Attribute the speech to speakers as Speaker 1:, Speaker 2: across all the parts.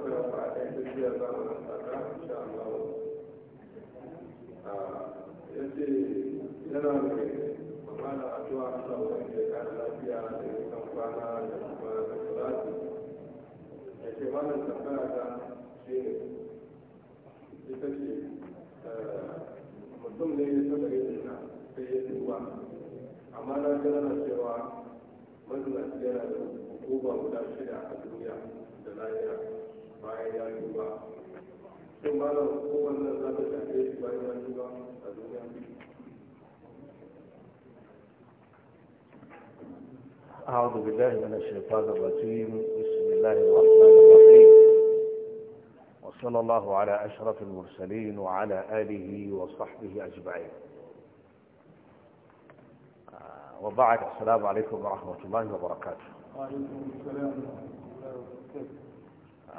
Speaker 1: yana da magana a cewa Allah wani da ya lafiya da ya kan kwana da kuma da salati da ke wannan tambaya ta ce ita ce mutum ne ya saba yin na sai ya duba amma na ga yana cewa mazinaci yana da hukuma guda shida a duniya da lahira أعوذ بالله من الشيطان الرجيم بسم الله الرحمن الرحيم وصلى الله على أشرف المرسلين وعلى آله وصحبه أجمعين آه، وبعد السلام عليكم ورحمة الله وبركاته وعليكم السلام ورحمة الله وبركاته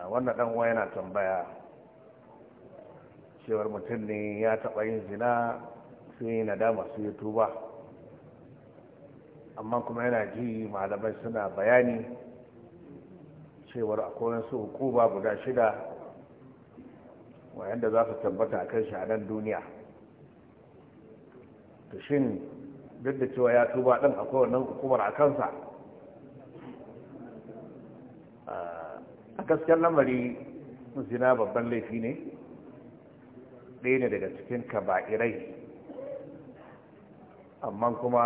Speaker 1: wannan dan uwa yana tambaya cewar mutum ne ya taɓa yin zina sai dama su yi tuba amma kuma yana ji malamai suna bayani cewar akwai su hukuba guda shida wayanda za su tabbata a kan shahadan duniya to shin duk da cewa ya tuba ɗin akwai wannan hukumar a kansa ah, gaskiyar lamari zina babban laifi ne ɗaya ne daga cikin kaba'irai amma kuma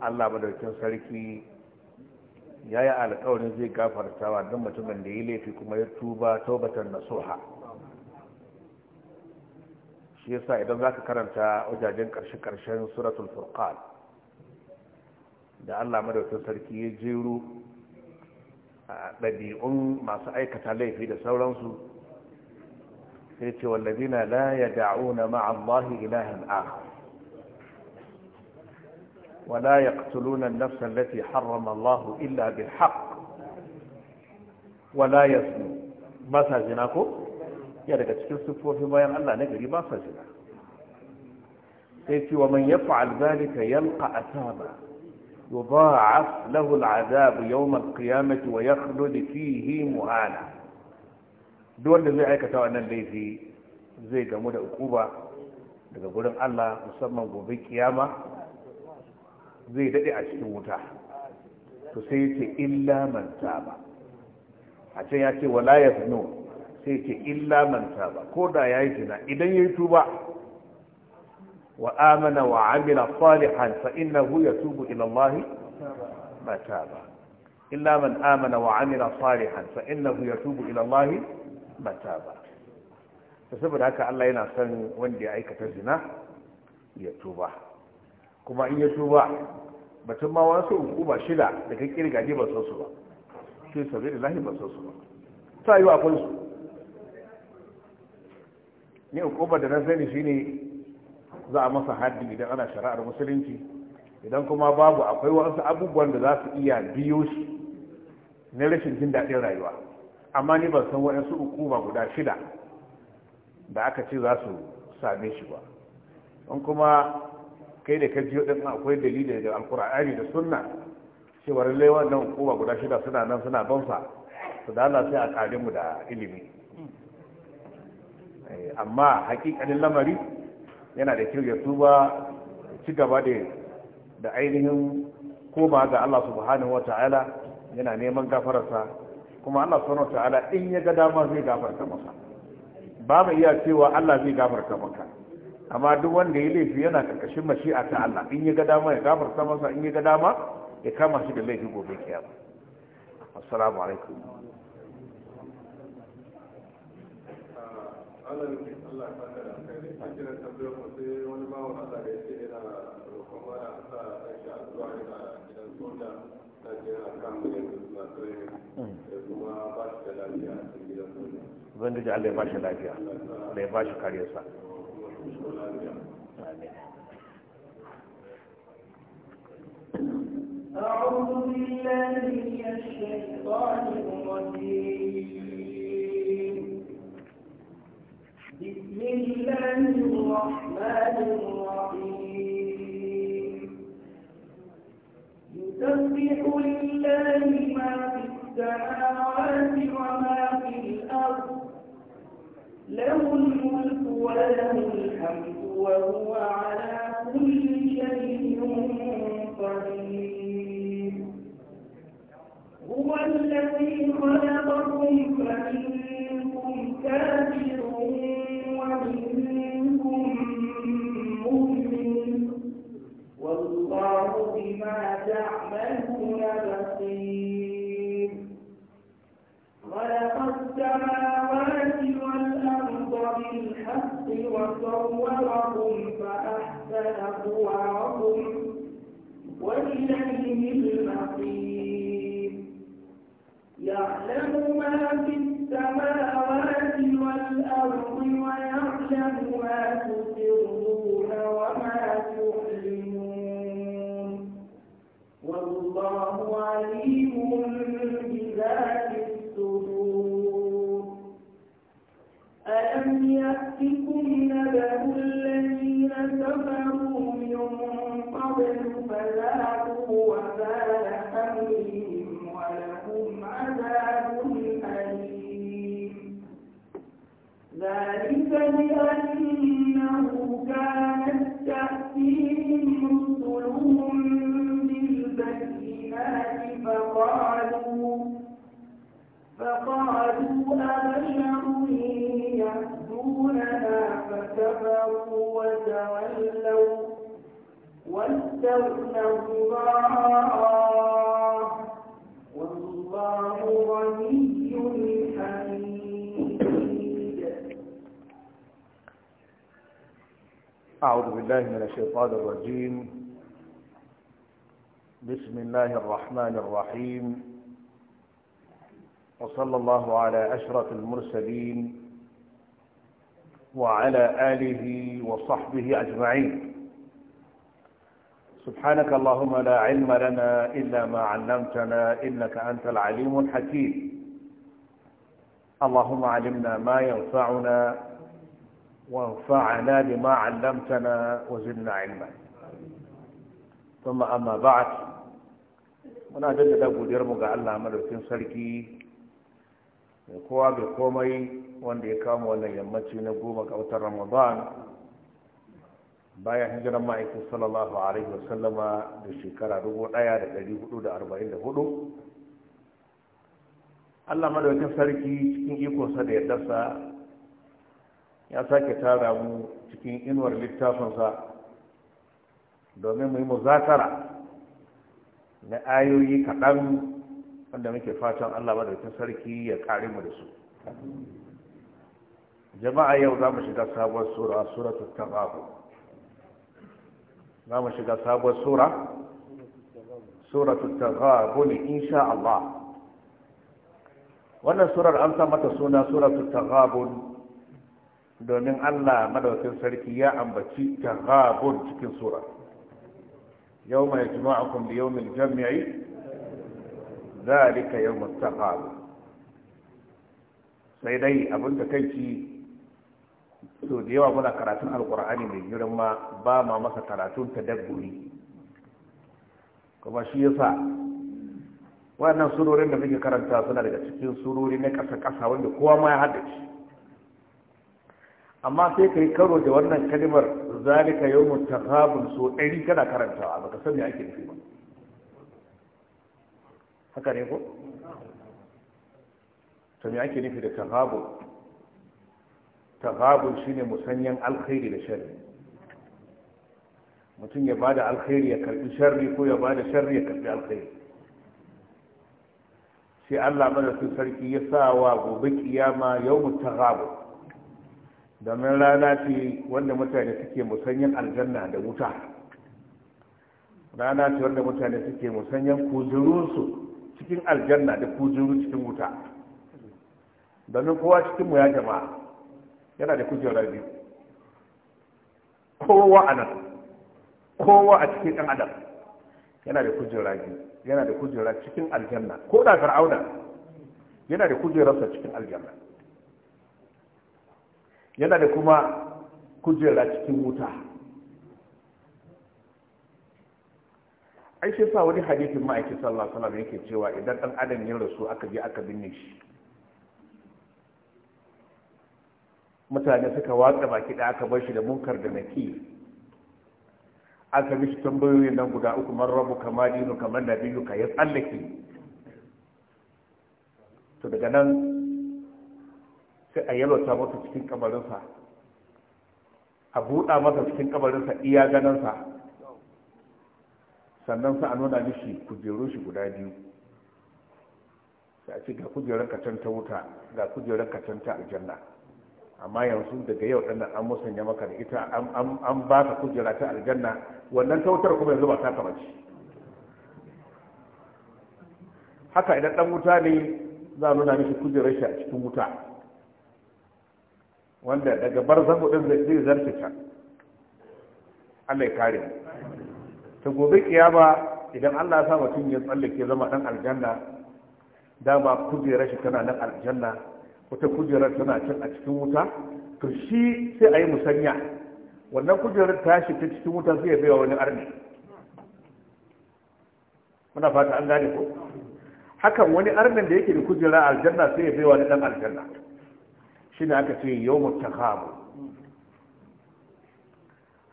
Speaker 1: allah madaukin sarki ya yi alkawarin zai gafarta wa don mutumin da ya laifi kuma ya tuba na nasuha shi yasa idan za ka karanta wajajen karshe ƙarshen suratul furqan da allah madaukin sarki ya jeru ɗabi'un masu aikata laifi da sauransu sai ce wallazina la yad'una ma'a Allahi nafsan akhar ولا يقتلون illa التي haq الله إلا بالحق ولا يزنون zina ko ya daga cikin sufofi bayan Allah na gari ba sa zina sai ce wa man yaf'al zalika yalqa asaba يضاعف له العذاب يوم القيامة ويخلد فيه مهانا دول زي عيكة وانا الليفي زي جمود أقوبة daga gurin Allah musamman gobe kiyama zai daɗe a cikin wuta to sai ce illa man ba a can ya ce wala yaznu sai ce illa man ko da yayi zina idan yi tuba وآمن وعمل صالحا فإنه يتوب إلى الله متابا إلا من آمن وعمل صالحا فإنه يتوب إلى الله متابا saboda haka Allah yana son wanda ya aikata zina ya tuba kuma in ya tuba batun ma wasu hukuma shida da kirga ne ba so su ba da so su ba su da na sani shine za a masa haddi idan ana shari'ar musulunci idan kuma babu akwai wasu abubuwan da za su iya biyo shi na rashin jin daɗin rayuwa amma ni ban san waɗansu uku ba guda shida da aka ce za su same shi ba in kuma kai da kaji ji ɗin akwai dalilin da alkur'ani da sunna cewar lallai wannan ba guda shida suna nan suna bansa su da sai a ƙarinmu da ilimi eh, amma hakikanin lamari yana da kyau ya tuba ci gaba da ainihin koma ga Allah subhanahu wata'ala yana neman gafararsa kuma Allah subhanahu wata'ala in ya ga dama zai gafarta masa ba mu iya cewa Allah zai gafarta maka amma duk wanda ya laifi yana karkashin mashi'a ta Allah in ya ga dama ya gafarta masa in ya ga dama ya kama shi da laifi gobe kiyama assalamu alaikum Allah ne Allah da kai a kiran tambayar mu sai wani Allah da yake yana roƙon sa shi yana gidan soja da jira kan mu yanzu tsaye da kuma ba shi da lafiya a cikin gidan soja ubangiji Allah ya ba shi lafiya da ya ba shi kariyarsa
Speaker 2: أعوذ بالله من الشيطان الرجيم الله الرحمن الرحيم يسبح لله ما في السماوات وما في الأرض له الملك وله الحمد وهو على كل شيء قدير هو الذي خلقكم فمنكم كافر دعواهم وإليه المصير يعلم ما في السماوات والأرض ويعلم ما تسرون كفروا وتولوا واستغنى الله والله غني حميد
Speaker 1: أعوذ بالله من الشيطان الرجيم بسم الله الرحمن الرحيم وصلى الله على أشرف المرسلين وعلى آله وصحبه أجمعين سبحانك اللهم لا علم لنا إلا ما علمتنا إنك أنت العليم الحكيم اللهم علمنا ما ينفعنا وانفعنا بما علمتنا وزدنا علما ثم أما بعد muna jaddada أبو ديرمك ألا madaukin سلكي mai بقومي wanda ya kama wannan yammaci na goma ga watan ramadan bayan hijiran ma'aikin sallallahu alaihi wasallama da shekara 1444 allah madaukin sarki cikin ikonsa da yardarsa ya sake tara mu cikin inuwar littafinsa domin mu yi muzakara na ayoyi kaɗan wanda muke fatan allah madaukin sarki ya kare mu da su jama'a yau za mu shiga sabuwar sura suratul taghabun za mu shiga sabuwar sura suratul taghabun insha Allah wannan surar an sa mata suna suratul taghabun domin Allah madaukakin sarki ya ambaci taghabun cikin sura Yau yawma yajma'ukum li yawmil jam'i dhalika yawmut taghabun sai dai abin da kai ci so da yawa muna karatun alkur'ani mai girma ba ma masa karatun ta dabbobi. kuma shi yasa wannan surorin da muke karanta suna daga cikin surori na ƙasa-ƙasa wanda kowa ma ya haddace amma sai ka yi karo da wannan kalimar zalika yau mutafabin so ɗari kana karantawa ba ka sani ake nufi ba haka ne ko to me ake nufi da tafabin tagabun shine musanyan alkhairi da sharri mutum ya bada alkhairi ya karbi sharri ko ya bada sharri ya karbi alkhairi sai Allah madaukakin sarki ya sa wa gobe kiyama yawmut tagabun domin rana ce wanda mutane suke musanyan aljanna da wuta rana ce wanda mutane suke musanyan kujirunsu cikin aljanna da kujuru cikin wuta domin kowa cikinmu ya jama'a yana da kujera biyu kowa a nan kowa a cikin ɗan adam yana da kujera biyu yana da kujera cikin aljanna ko da fir'auna yana da kujerarsa cikin aljanna yana da kuma kujera cikin wuta ai sa wani hadithin ma'aikin sallallahu alaihi wasallam yake cewa idan ɗan adam ya rasu aka je aka binne shi mutane suka watsa baki da aka bar shi da munkar da naki aka mishi tambayoyin nan guda uku man rabu kama dinu kamar da biyu ka ya tsallake to daga nan sai a yalwata masa cikin kamarinsa a buɗa masa cikin kamarinsa iya ganansa, sannan sa a nuna mishi kujeru shi guda biyu sai a ce ga kujerar ka ta wuta ga kujerar ka ta aljanna amma yanzu daga yau dana an musanya maka da ita an ba ka kujera ta aljanna wannan kautar kuma yanzu ba ta kama haka idan ɗan wuta ne za a nuna mishi kujerar shi a cikin wuta wanda daga bar zango ɗin zai zarce ta Allah ya kare ta gobe kiyama idan Allah ya sa mutum ya tsallake zama ɗan aljanna dama kujerar shi tana nan aljanna wata kujerar tana can a cikin wuta to shi sai a yi musanya wannan kujerar tashi ta cikin wuta sai ya bai wa wani arni muna fata an gane ko hakan wani arnin da yake da kujera a aljanna sai ya bai wa dan aljanna shi ne aka ce yau mutakamu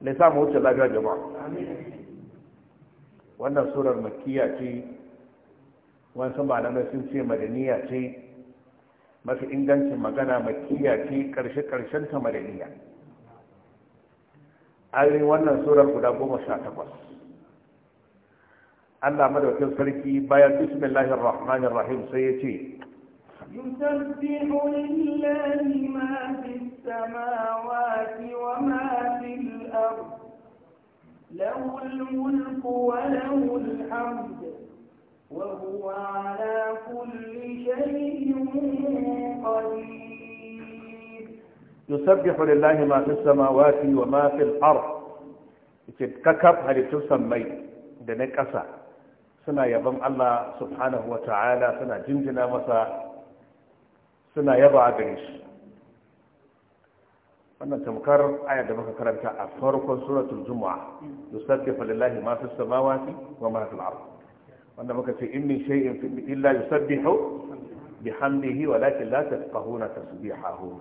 Speaker 1: ne mu wuce lafiya jama'a wannan surar makiya ce wani sama da sun ce madaniya ce mafi ingancin magana makiya ce karshe karshen ta madaniya ayoyin wannan tsoron guda goma sha takwas Allah madaukin sarki bayan bismillahir rahmanir rahim sai ya ce
Speaker 2: يسبح لله ما في السماوات وما في الأرض له الملك وله الحمد وهو على كل شيء قدير
Speaker 1: يسبح لله ما في السماوات وما في الأرض kakaf halittun sammai da na ƙasa suna yabon Allah subhanahu wa ta'ala suna jinjina masa suna yaba a gare wannan tamkar aya da muka karanta a farkon suratul juma'a yusabbihu lillahi ma fis samawati wa ma fil ardh wanda muka ce in min shay'in illa yusabbihu bihamdihi walakin la tafqahuna tasbihahu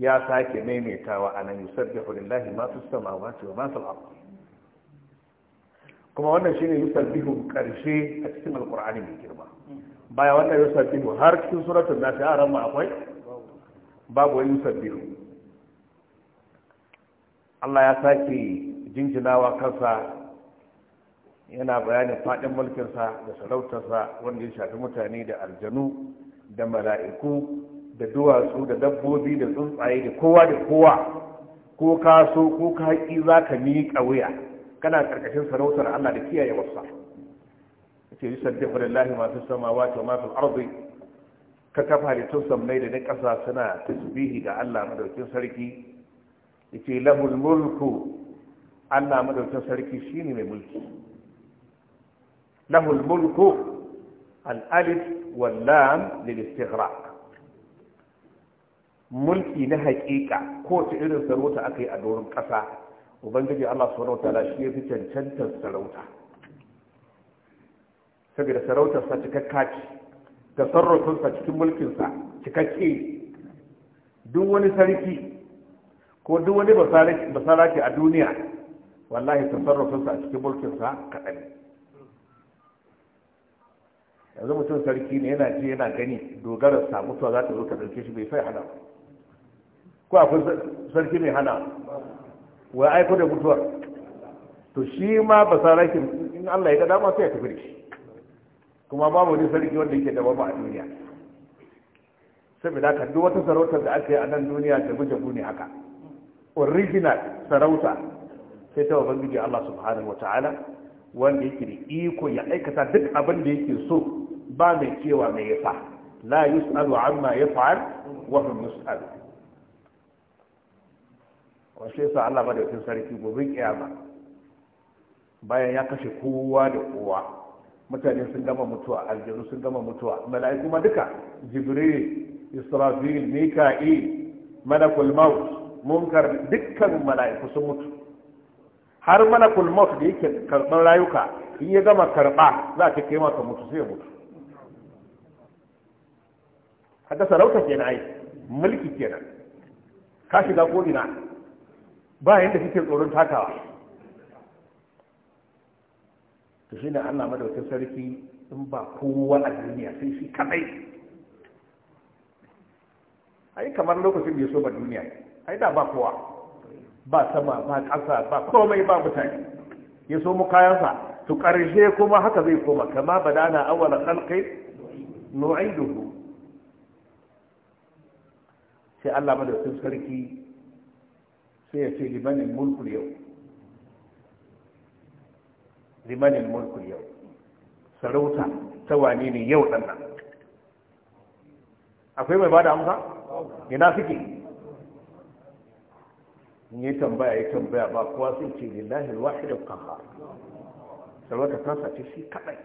Speaker 1: ya sake maimaitawa anan yusabbihu lillahi ma fis samawati wa ma fil ardi kuma wannan shine yusabbihu karshe a cikin alqur'ani mai girma baya wannan yusabbihu har cikin suratul nasi a ran akwai babu wani yusabbihu Allah ya sake jinjinawa kansa yana bayanin faɗin mulkinsa da sarautarsa wanda ya shafi mutane da aljanu da mala'iku da duwatsu da dabbobi da tsuntsaye da kowa da kowa ko ka so ko ka haƙi za ka miƙa wuya kana ƙarƙashin sarautar allah da kiyaye wasa ce yi saddifa lillahi masu sama, wato masu arzi ka kafa da tun da na ƙasa suna tasbihi ga allah madaukin sarki ya ce lahul mulku allah madaukin sarki shine mai mulki له الملك الألف واللام للاستغراق mulki na hakika ko ta irin sarauta aka yi a doron ƙasa ubangiji Allah subhanahu wataala shi ya fi cancanta sarauta saboda sarautar sa cikakka ce tasarrufin sa cikin mulkin sa cikakke duk wani sarki ko duk wani basaraki a duniya wallahi tasarrufin sa cikin mulkin sa kaɗan yanzu mutum sarki ne yana ji yana gani dogara sa mutuwa za ta zo ka ɗauke shi bai sai hana ko akwai sarki mai hana wa aiko da mutuwa to shi ma ba raki in Allah ya ga dama sai ya tafi da shi kuma babu wani sarki wanda yake da babu a duniya saboda ka duk wata sarautar da aka yi a nan duniya da jabu ne haka original sarauta sai ta ubangiji Allah subhanahu wataala wanda yake da iko ya aikata duk abin da yake so ba mai cewa mai ya fa la yus'alu amma yaf'al wa musu yus'alu wa shi yasa Allah madaukakin sarki gobe kiyama bayan ya kashe kowa da kowa mutane sun gama mutuwa aljanu sun gama mutuwa mala'iku kuma duka jibril israfil mika'il malakul maut munkar dukkan mala'iku sun mutu har malakul maut da yake karɓar rayuka in ya gama karɓa za a ta kai masa mutu sai ya mutu kaga sarauta kenan ai mulki kenan ka shiga ko ina ba yanda kike tsoron takawa to ne Allah madaukakin sarki in ba kowa a duniya sai shi kadai ai kamar lokacin da ya so ba duniya ai da ba kowa ba sama ba ƙasa ba komai ba mutane ya so mu kayansa to ƙarshe kuma haka zai koma kama badana awwala khalqi nu'iduhu sai Allah ma da sun sarki sai ya ce limanin mulkul yau limanin mulkul yau sarauta ta wane ne yau ɗan nan akwai mai bada amsa ina suke in yi tambaya ya tambaya ba kuwa sun ce lillahi kuka ba sarauta kansa ce shi kaɗai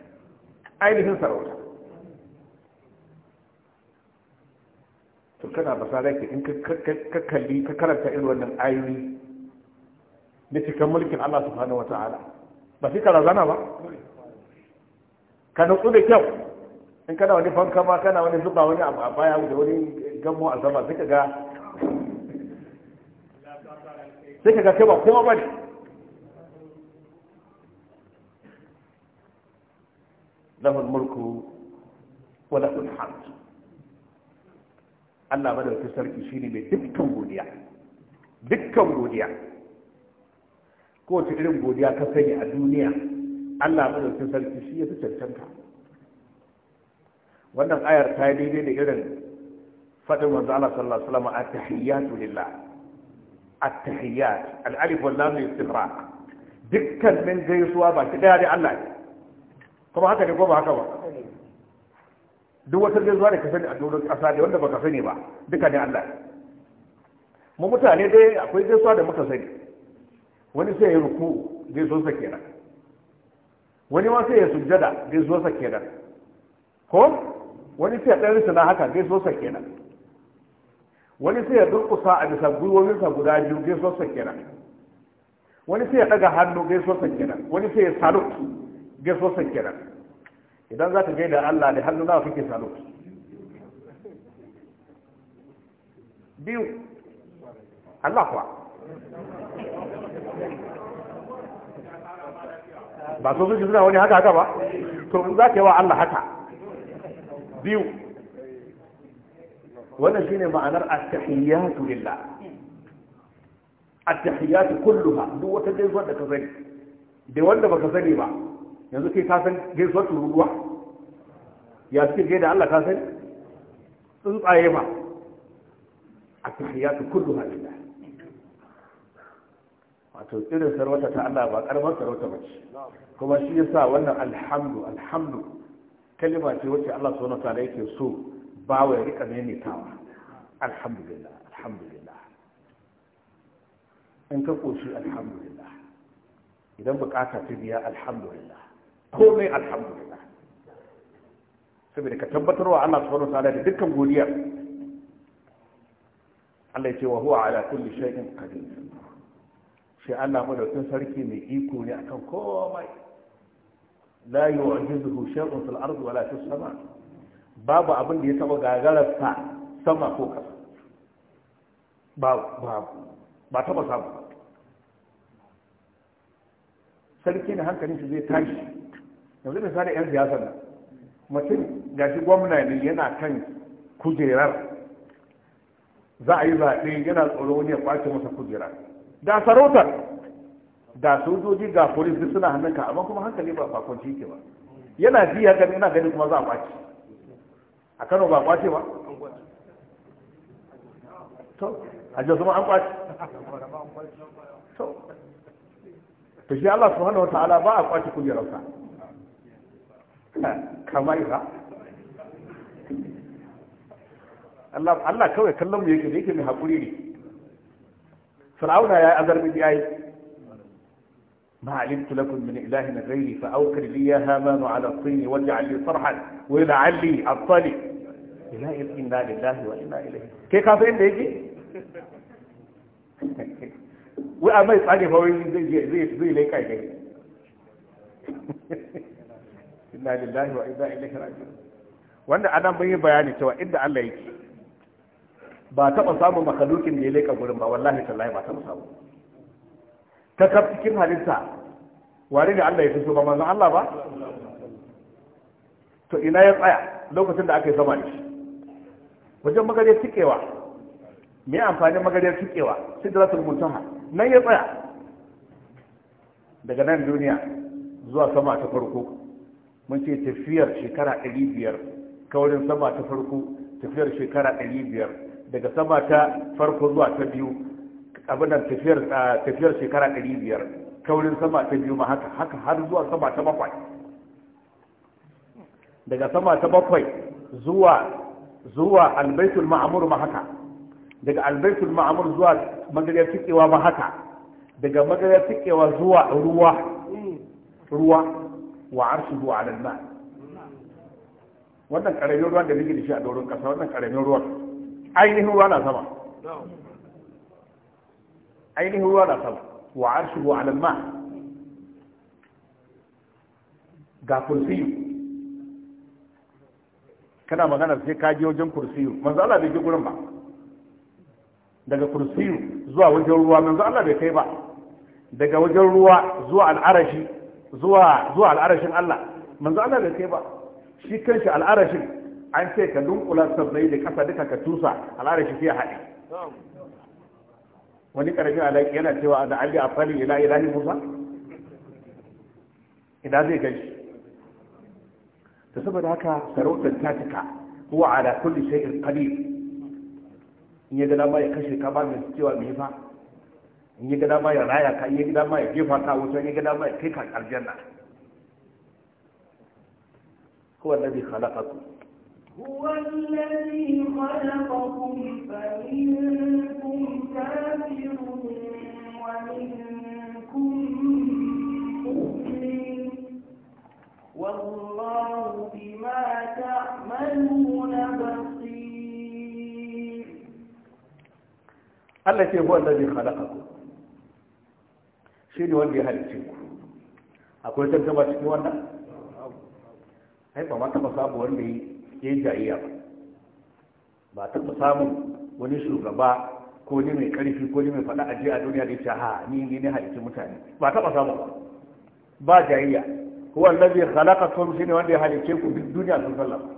Speaker 1: ainihin sarauta to kana basara ke in ka kalli ka karanta irin wannan ayoyi da cikin mulkin Allah subhanahu wata'ala ba sai ka razana ba ka nutsu da kyau in kana wani fanka ma kana wani zuba wani abu a baya da wani gamo a sama sai ka ga sai ka ga kai ba kowa ba ne mulku wa lahu hamd Allah madaukakin sarki shi ne mai dukkan godiya dukkan godiya kowace irin godiya ka sani a duniya Allah madaukakin sarki shi ya fi cancanta wannan ayar ta yi daidai da irin faɗin wanzu Allah sallallahu alaihi wasallam at-tahiyyatu lillah at-tahiyyat al-alif wal lam istifraq dukkan min gaisuwa ba ta daya da Allah kuma haka ne ko ba haka ba duk wata zuwa da ka sani a doron ƙasa da wanda baka sani ba duka ne Allah mu mutane dai akwai gaisuwa da muka sani wani sai ya ruku gaisuwarsa kenan wani ma sai ya sujjada gaisuwarsa kenan ko wani sai ya ɗan risina haka gaisuwarsa kenan wani sai ya durƙusa a bisa gwiwowinsa guda biyu gaisuwarsa kenan wani sai ya ɗaga hannu gaisuwarsa kenan wani sai ya salut gaisuwarsa kenan idan za ka gaida Allah da hannu nawa kake salo biyu Allah kuwa ba so suke suna wani haka haka ba to za ta yi wa Allah haka biyu wannan shine ma'anar at-tahiyyatu lillah at-tahiyyatu kulluha duk wata gaisuwa da ka sani da wanda baka sani ba yanzu kai ka san gaisuwar tururuwa ya suke da Allah ka sani tsuntsaye ba a tahiyatu kullu halilla wato irin sarwata ta Allah ba karamar sarwata ba kuma shi yasa wannan alhamdu alhamdu kalima ce wacce Allah subhanahu wataala yake so ba wa ya rika maimaitawa alhamdulillah alhamdulillah in ka koshi alhamdulillah idan bukata ta biya alhamdulillah komai alhamdulillah saboda ka tabbatar wa Allah subhanahu wataala da dukkan godiya Allah ya ce wa huwa ala kulli shay'in qadir shi Allah madaukin sarki mai iko ne akan komai la yu'jizuhu shay'un fil ardi wala fis sama babu abin da ya taba gagararsa sama ko kasa babu babu ba taba samu sarki ne hankalin shi zai tashi yanzu misali 'yan siyasa nan mutum ga shi gwamna ne yana kan kujerar za a yi zaɓe yana tsoro wani ya ƙwace masa kujera da sarautar da sojoji ga polis duk suna hannunka amma kuma hankali ba bakwanci yake ba yana ji ya gani yana gani kuma za a ƙwace a kano ba ƙwace ba to a jos ma an ƙwace to shi Allah subhanahu wa ta'ala ba a ƙwace kujerarsa kamaiha Allah Allah kawai kallon mu yake yake mai hakuri ne Fir'auna yayi ما علمت لكم من إله غيري فأوكر لي هامان على الطين واجعل لي صرحا ولعلي أبطلي إلى إنا لله وإنا إليه كيف كافين ليجي وأما يسألني فهو زي زي زي ليك inna lillahi wa inna ilaihi raji'un wanda anan mun bayani cewa inda Allah yake ba taɓa samun makalukin da ya leka gurin ba wallahi tallahi ba taɓa samu ta kaf cikin halitta ware ne Allah ya fi so ba manzon Allah ba to ina ya tsaya lokacin da aka yi sama da shi wajen magariyar tikewa me amfanin magariyar tikewa sidratul muntaha nan ya tsaya daga nan duniya zuwa sama ta farko mun ce tafiyar shekara 500 kaurin sama ta farko tafiyar shekara 500 daga sama ta farko zuwa ta biyu abin da tafiyar tafiyar shekara 500 kaurin sama ta biyu ma haka haka har zuwa sama ta bakwai daga sama ta bakwai zuwa zuwa albaitul ma'amur ma haka daga albaitul ma'amur, zuwa magariyar tikewa ma haka daga magariyar tikewa zuwa ruwa ruwa wa arshuhu ala al-ma wannan karamin ruwan da nake da shi a doron kasa wannan karamin ruwan ainihin ruwa na sama ainihin ruwa na sama wa arshuhu ala al-ma ga kursiyu kana magana sai ka je wajen kursiyu manzo Allah bai je gurin ba daga kursiyu zuwa wajen ruwa manzo Allah bai kai ba daga wajen ruwa zuwa al'arashi zuwa zuwa al'arashin Allah manzo Allah bai kai ba shi kanshi al'arashin an ce ka dunkula sabai da kasa duka ka tusa al'arashi sai ya haɗe wani karfi alaƙi yana cewa da ali a fali ila ilahi musa idan zai gaji? ta saboda haka sarautar ta cika huwa ala kulli shay'in qadir in ya ga dama ya kashe ka ba mai cewa mai fa in yi gada ma ya raya ka yi gada ma ya jefa ka wuta yi gada ma ya kai ka aljanna huwa alladhi khalaqakum
Speaker 2: huwa alladhi khalaqakum fa minkum kafirun wa minkum
Speaker 1: shi ne wanda ya halicce ku akwai gaba cikin wannan ai ba ma taba samun wanda ya yi jayiya ba ba taba samun wani shugaba ko ne mai karfi ko ne mai fada aje a duniya da ya ce ha ni ne ne halicci mutane ba taba samun ba ba zai halaka allazi shi ne wanda ya halicce ku duk duniya sun sallama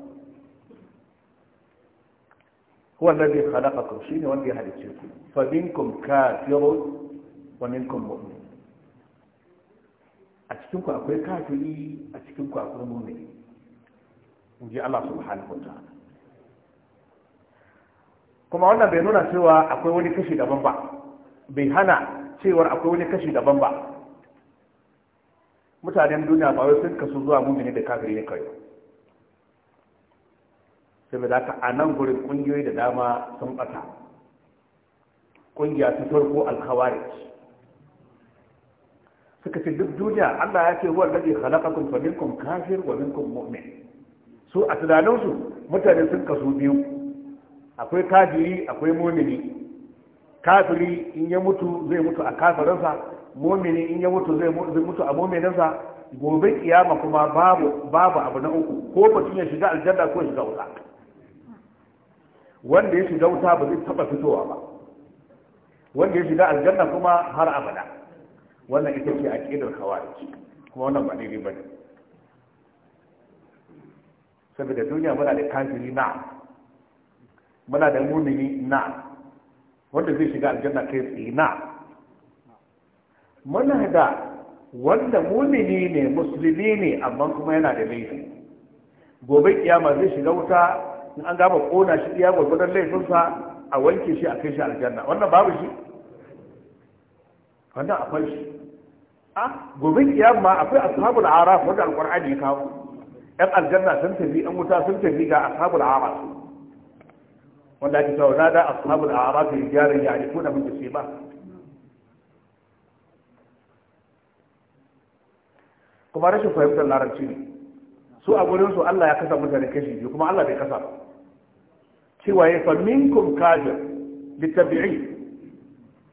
Speaker 1: huwa allazi khalaqakum ne wanda ya halicce ku fa minkum kafirun wa minkum mu'min a cikin ku akwai kafiri a cikin ku akwai mu'mini in ji Allah subhanahu wa ta'ala kuma wannan bai nuna cewa akwai wani kashi daban ba bai hana cewar akwai wani kashi daban ba mutanen duniya ba wai sun kasu zuwa mumini da kafiri ne kai saboda haka a nan gurin kungiyoyi da dama sun bata kungiya ta farko alkhawarij suka ce duk duniya Allah ya ce huwa alladhi khalaqakum fa minkum kafir wa minkum mu'min su a tunaninsu mutane sun kasu biyu akwai kafiri akwai mumini kafiri in ya mutu zai mutu a kafirinsa mumini in ya mutu zai mutu a mumininsa gobe kiyama kuma babu babu abu na uku ko mutum ya shiga aljanna ko shiga wuta wanda ya shiga wuta ba zai taba fitowa ba wanda ya shiga aljanna kuma har abada wannan ita ce a aqidar khawarij kuma wannan ba daidai ne saboda duniya muna da kafiri na muna da munini na wanda zai shiga aljanna kai tsaye na muna da wanda munini ne musulmi ne amma kuma yana da laifi gobe kiyama zai shiga wuta in an gama kona shi iya gwargwadon laifinsa a wanke shi a kai shi aljanna wannan babu shi wanda akwai shi a gobe kiyamma akwai ashabul araf wanda alqur'ani ya kawo yan aljanna sun tafi yan wuta sun tafi ga ashabul araf wanda ake cewa nada ashabul araf rijalan ya'rifuna bi sima kuma rashin fahimtar larabci ne su a gurin su Allah ya kasa mutane kashi biyu kuma Allah bai kasa ba cewa ya fa minkum kafir litabi'i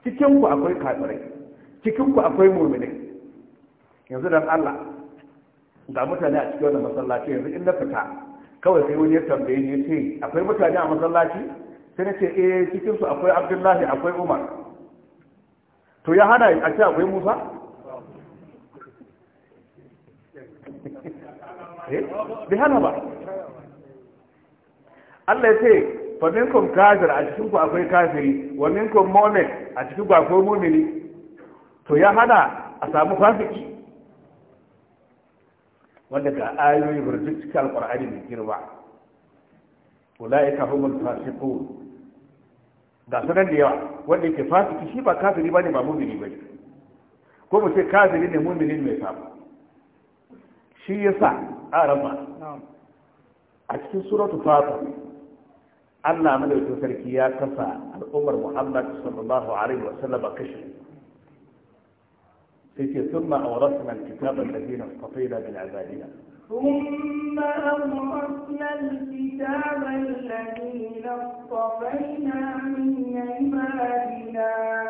Speaker 1: cikin ku akwai kafirai cikin ku akwai mu'mini yanzu dan Allah ga mutane a cikin wannan masallaci yanzu in na fita kawai sai wani ya tambaye ni ya ce akwai mutane a masallaci sai nace ce eh cikin su akwai Abdullahi akwai Umar to ya hana a ce akwai Musa eh, bi hana ba Allah ya ce fa minkum kafir a cikin ku akwai kafiri wa minkum mu'min a cikin ku akwai mu'mini to ya hana a samu fasiki wanda ga ayoyi burjik cikin alƙur'ani mai girma ulaika humul fasiqun da sanar da yawa wanda yake fasiki shi ba kafiri bane ba mu'mini bane ko mu ce kafiri ne mu'mini mai samu shi yasa a rama a cikin suratul fatir Allah madaukakin sarki ya kasa al'ummar Muhammad sallallahu alaihi wa sallam kashi تيجي ثم أورثنا الكتاب الذين اصطفينا من عبادنا
Speaker 2: ثم أورثنا الكتاب الذين اصطفينا من عبادنا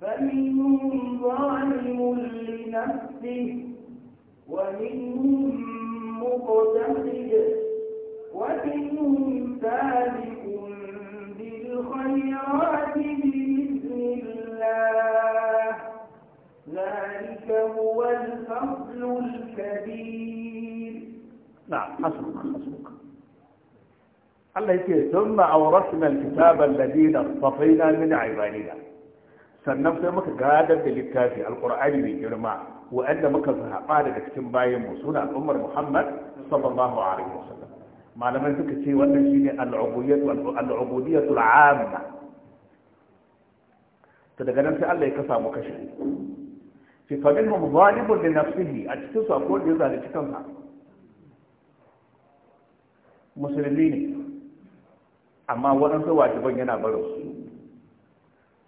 Speaker 2: فمنهم ظالم لنفسه ومنهم مقتصد ومنهم سابق بالخيرات ذلك هو الفضل الكبير
Speaker 1: نعم حسبك حسبك الله يقول ثم أورثنا الكتاب الذين اصطفينا من عبادنا سنفسه مك قاعدة للكافي القرآن يا جماعة وأن مك قاعدة كتن باين مسونا عمر محمد صلى الله عليه وسلم ما لم يكن كتير ونجيني العبودية العبودية العامة تدقى نفسي الله يكسى مكشفين ce faɗin mu zalibun da nafsihi a cikin su akwai da zalunci kansa musulmi ne amma waɗansu wajiban yana barin su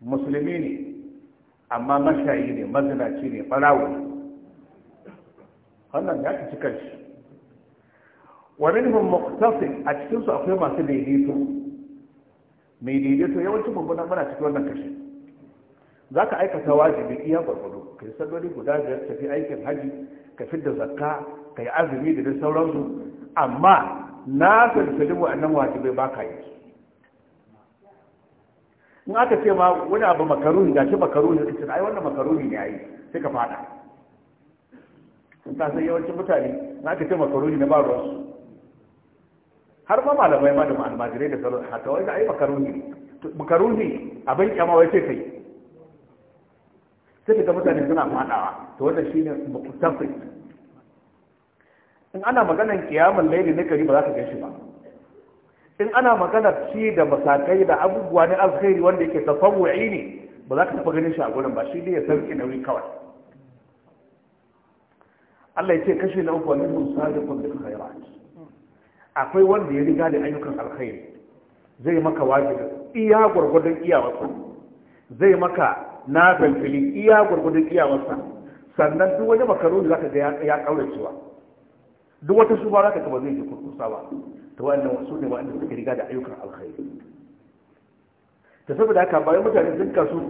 Speaker 1: musulmi ne amma mashayi ne mazinaci ne ɓarawo ne wannan ya ci cikin shi Wani minhum muqtasid a cikin su akwai masu daidaito mai daidaito yawancin mun mana cikin wannan kashi za ka aikata wajibi iya gwargwado ka yi guda biyar tafi aikin haji ka fidda zakka ka yi azumi da duk sauransu amma na filfilin wa'annan wajibai ba ka yi in aka ce ma wani abu makaruni ga shi makaruni ka ce ai wannan makaruni ne yayi sai ka fada In ta sai yawancin mutane in aka ce makaruni na ba ruwansu har ma malamai ma da ma'almajirai da sauransu haka wai da ai makaruni makaruni abin kyama wai sai kai sai ga mutane suna fadawa to wannan shine mutafi in ana maganar kiyamul laili na kari ba za ka gan shi ba in ana maganar ci da masakai da abubuwa na alkhairi wanda yake tasawwu'i ne ba za ka taɓa ganin shi a gurin ba shi ne ya sarki nauyi kawai Allah ya ce kashe na uku wani mun sadiqun khairat akwai wanda ya riga da ayyukan alkhairi zai maka wajibi iya gwargwadon wasu zai maka na filfili iya gurgudun iyawarsa sannan duk wani makaroni za ka ga ya cewa duk wata shuba za ka ga ba zai ji kurkusa ba ta wannan wasu ne wa'anda suka riga da ayyukan alkhairi ta saboda haka bayan mutane sun kasu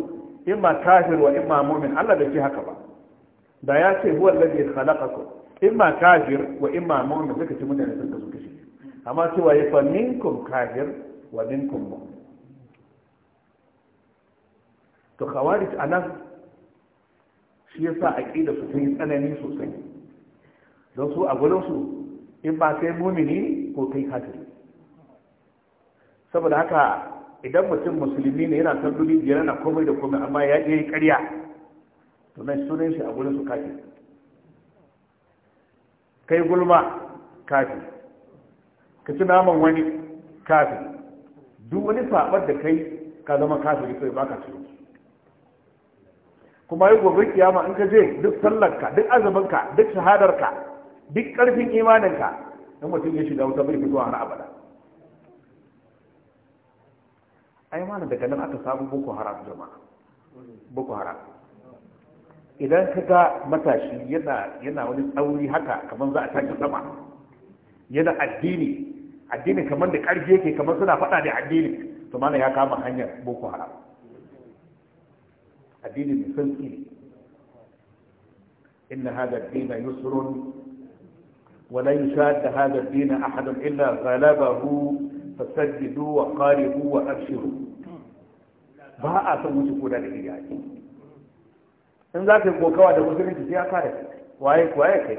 Speaker 1: in ma kafir wa in ma mumin Allah bai ce haka ba da ya ce huwa alladhi khalaqakum in ma kafir wa in ma mumin suka ce mutane sun kasu kashi amma cewa ya fa minkum kafir wa minkum mu'min to khawarij anan shi yasa aqida su sai tsanani sosai don su a gurin su in ba kai mumini ko kai kafiri saboda haka idan mutum musulmi ne yana salloli biyar na komai da komai amma ya yi ƙarya to nan sunan shi a gurin su kafi kai gulma kafi ka ci naman wani kafi duk wani sabar da kai ka zama kafiri sai baka ciro kuma yi gobe kiyama in ka je duk sallarka duk azabinka duk shahadarka duk karfin imaninka in mutum ya shiga wuta bai a har abada yi mana daga nan aka samu boko haram jama'a boko haram idan ka ga matashi yana yana wani tsauri haka kamar za a tashi sama yana addini addini kamar da karfi yake kamar suna faɗa da addini to mana ya kama hanyar boko haram addini mai sauƙi ne inna hada dina yusrun ولا يشاد هذا الدين أحد إلا غلبه فسددوا وقاربوا وأبشروا ba a san wuce ko da da iyaye in za ka yi kokawa da musulunci sai ya kare waye waye kai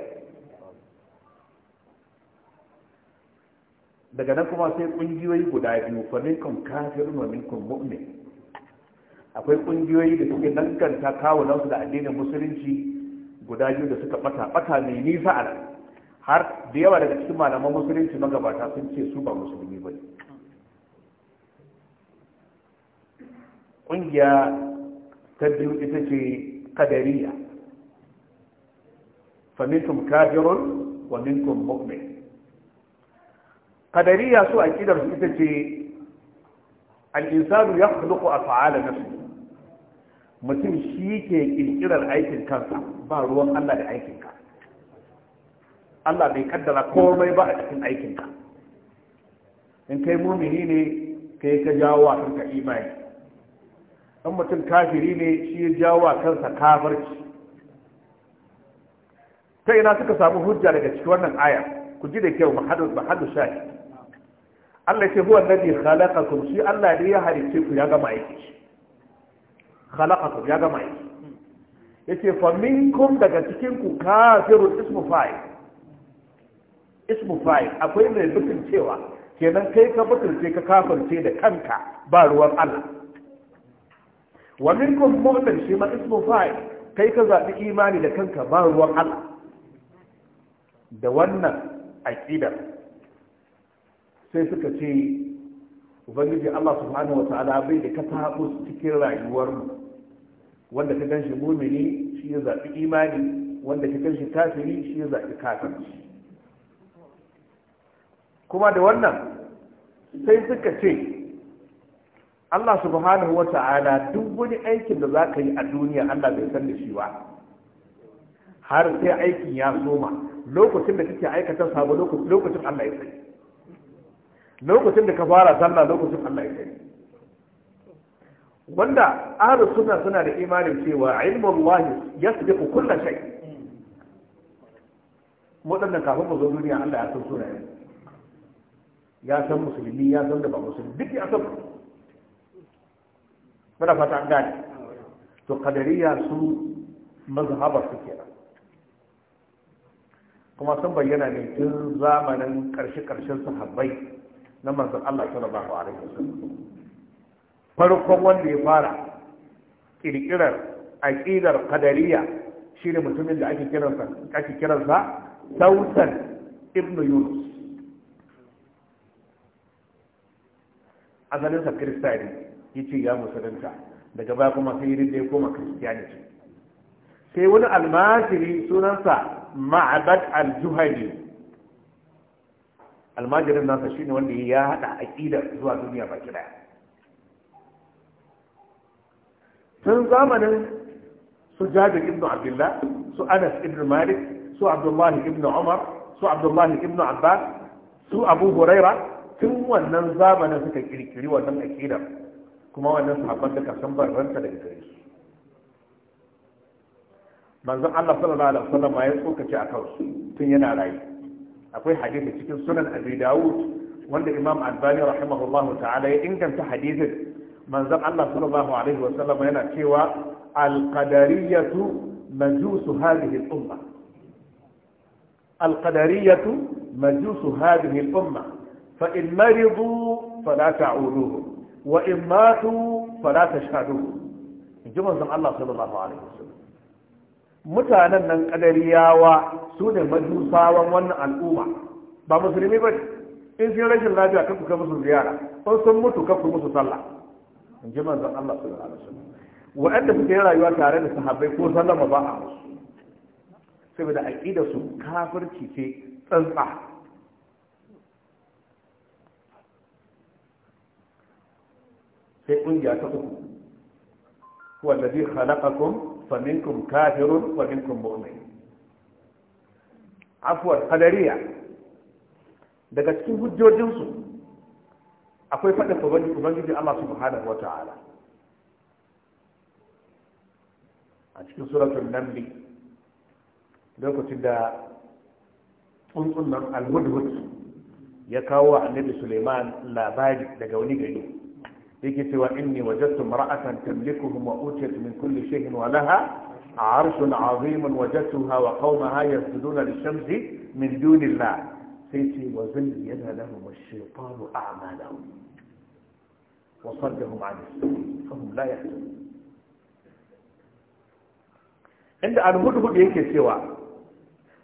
Speaker 1: daga nan kuma sai kungiyoyi guda biyu fa minkum kafirun wa minkum mu'min akwai kungiyoyi da suke danganta kawunansu da addinin musulunci guda biyu da suka bata bata mai nisa a har da yawa daga cikin malaman musulunci magabata sun ce su ba musulmi ba ne ƙungiya ta biyu ita ce kadariya famintum kafirun wa minkum mu'min kadariya su aqidar su ita ce al-insanu yakhluqu af'ala nafsihi mutum shi ke kirkirar aikin kansa ba ruwan Allah da aikinka Allah bai kaddara komai ba a cikin aikinka in kai mumini ne kai ka jawo wa kanka imani in mutum kafiri ne shi ya jawo wa kansa kafirci ta ina suka samu hujja daga cikin wannan aya ku ji da kyau mahadu shahi Allah ce huwa alladhi khalaqakum shi Allah ne ya halice ku ya gama aiki khalaqakum ya gama aiki yace fa minkum daga cikin ku kafirun ismu fa'i ismu fa'i akwai mai bukin cewa kenan kai ka bukirce ka kafirce da kanka ba ruwan Allah wa minkum mu'min shi ma ismu fa'i kai ka zabi imani da kanka ba ruwan Allah da wannan aqidar sai suka ce ubangiji Allah subhanahu wataala bai da kata musu cikin rayuwar mu wanda ka ganshi mumini shi ya zaɓi imani wanda ka ganshi kafiri shi ya zaɓi kafirci kuma da wannan sai suka ce Allah subhanahu wa ta'ala duk wani aikin da za ka yi a duniya Allah bai san da shi ba har sai aikin ya soma lokacin da kake aikata sabo lokacin Allah ya sani lokacin da ka fara sallah lokacin Allah ya kai wanda ahlus sunna suna da imanin cewa ya yasbiqu kullu shay wadannan kafin mu zo duniya Allah ya san sunayen ya san musulmi ya san da ba musulmi duk ya san mana fata an gane to qadariya su mazhabar su ke kuma sun bayyana ne tun zamanin karshe-karshen sahabbai na manzon Allah sallallahu alaihi wasallam farkon wanda ya fara kirkirar aqidar qadariya shine mutumin da ake kiransa ake kiransa Sautan ibn Yunus asalinsa kirista ne yace ya musulunta daga baya kuma sai yi ya koma kristiyanci sai wani almasiri sunansa ma'abad al-juhani almajirin nasa shine wanda ya hada aqida zuwa duniya baki daya tun zamanin su jabir ibn abdullah su anas ibn malik su abdullahi ibn umar su abdullahi ibn abbas su abu huraira tun wannan zamanin suka kirkiri wannan aqida kuma wannan sahabban da san ban ranta daga gare su manzon Allah sallallahu alaihi wasallam ya tsokace akan su tun yana rayu akwai hadisi cikin sunan abi dawud wanda imam albani rahimahullahu ta'ala ya inganta hadisin manzon Allah sallallahu alaihi wa sallam yana cewa al-qadariyatu majusu hadhihi al-umma al-qadariyatu majusu hadhihi al-umma fa in maridu fala ta'uduhu wa in matu fala tashhaduhu inji Allah sallallahu alaihi wa sallam mutanen nan kadariyawa su ne majusawan wannan al'umma ba musulmi ba in sun rashin lafiya kaku ka musu ziyara in sun mutu kaku musu sallah in ji manzon Allah su da wasallam waɗanda suke yin rayuwa tare da sahabbai ko sallama ba a musu saboda aƙida su kafirci ce tsantsa sai ƙungiya ta uku huwa alladhi khalaqakum fa minkum kafirun wa minkum mu'min daga cikin hujjojinsu akwai faɗin ubangiji Allah subhanahu wata'ala a cikin suratun namli lokacin da tsuntsun nan alhudhud ya kawo annabi Suleiman labari daga wani gari يجي سوى إني وجدت امرأة تملكهم وأوتيت من كل شيء ولها عرش عظيم وجدتها وقومها يسجدون للشمس من دون الله سيتي وزين لهم الشيطان أعمالهم وصدهم عن السبيل فهم لا يحزنون عند أن هدهد يجي سوى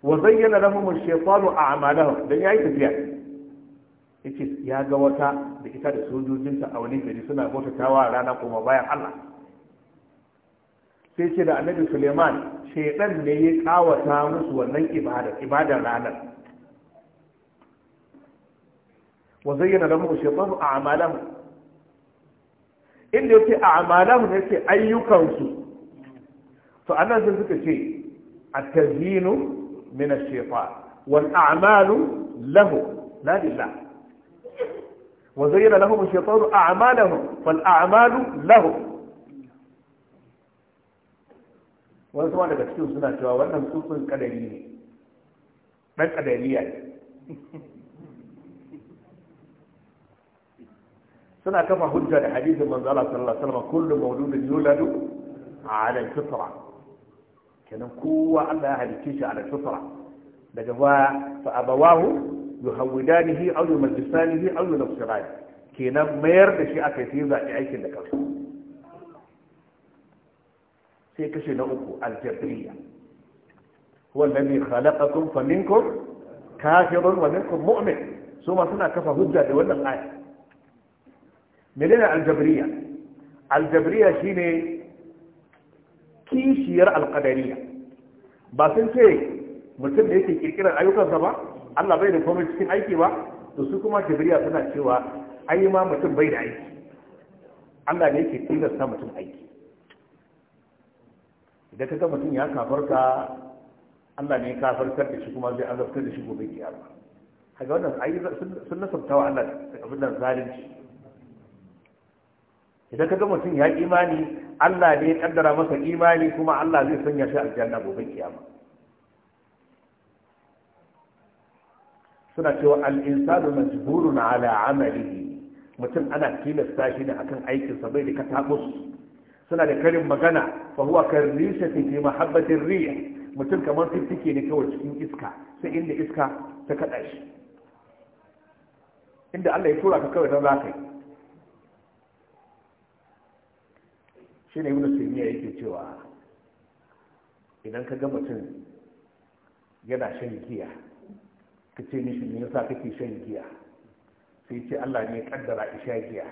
Speaker 1: وزين لهم الشيطان أعمالهم لن يعيش فيها yake ya ga wata da ita da sojojinta a wani gari suna bautatawa rana kuma bayan Allah sai ce da annabi Suleiman shaidan ne ya kawata musu wannan ibada ibadar ranar wa zayyana lahum shaytanu a'malahum inda yake a'malahum yake ayyukan su to annan sun suka ce at-tazyinu min ash-shaytan wal a'malu lahu la lillah وزين لهم الشيطان أعمالهم فالأعمال لهم wani kuma daga cikin suna cewa wannan tsutsun kadari ne ɗan kadariya ne suna kafa hujja da hadisin manzo Allah sallallahu alaihi wasallam kullu mawludin yuladu ala al-fitra kenan kowa Allah ya halicce shi ala al-fitra daga baya fa abawahu يهودانه أو يمجسانه أو ينصرانه كي مير بشيء كثير ذا يعيك لك سيكشي نوكو الجبرية هو الذي خلقكم فمنكم كافر ومنكم مؤمن ثم سنة كفى هجة دولة الآية مننا الجبرية الجبرية شيني كيشير القدرية بس انت مثل ليس كيكيرا ايوكا زبا Allah bai da komai cikin aiki ba to su kuma jibriya suna cewa ai ma mutum bai da aiki Allah ne yake tilasta mutum aiki idan ka ga mutum ya kafarta Allah ne ya kafartar da shi kuma zai azabtar da shi gobe kiyama kaga wannan ai sun nasabta wa Allah da abin da zalunci idan ka ga mutum ya imani Allah ne ya kaddara masa imani kuma Allah zai sanya shi aljanna gobe kiyama suna cewa al'insanu majburun ala amalihi mutum ana tilasta shi ne akan aikinsa bai da katabus suna da karin magana fa huwa kan risha ke mahabbatin riya mutum kamar fiffike ne kawai cikin iska sai inda iska ta kada shi inda Allah ya tura ka kawai don ka yi shi ne ibn ya yake cewa idan ka ga mutum yana shan giya ka ce mishi me yasa kake shan giya sai ce Allah ne ya kaddara isha giya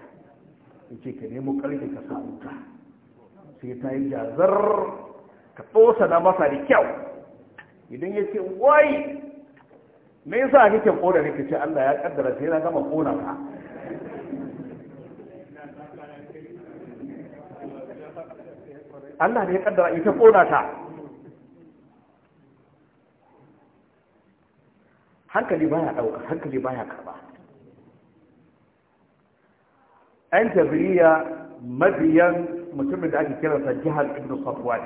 Speaker 1: ya ce ka nemo karfi ka samu ta sai ta yi jazar ka tsosa na masa da kyau idan ya ce wai me yasa kake kona ne ka ce Allah ya kaddara sai na gama kona ka Allah ne ya kaddara ita kona ta hankali baya ɗauka hankali baya karɓa ‘yan jabiriya mabiyan mutumin da ake kiransa jihar ibn safwan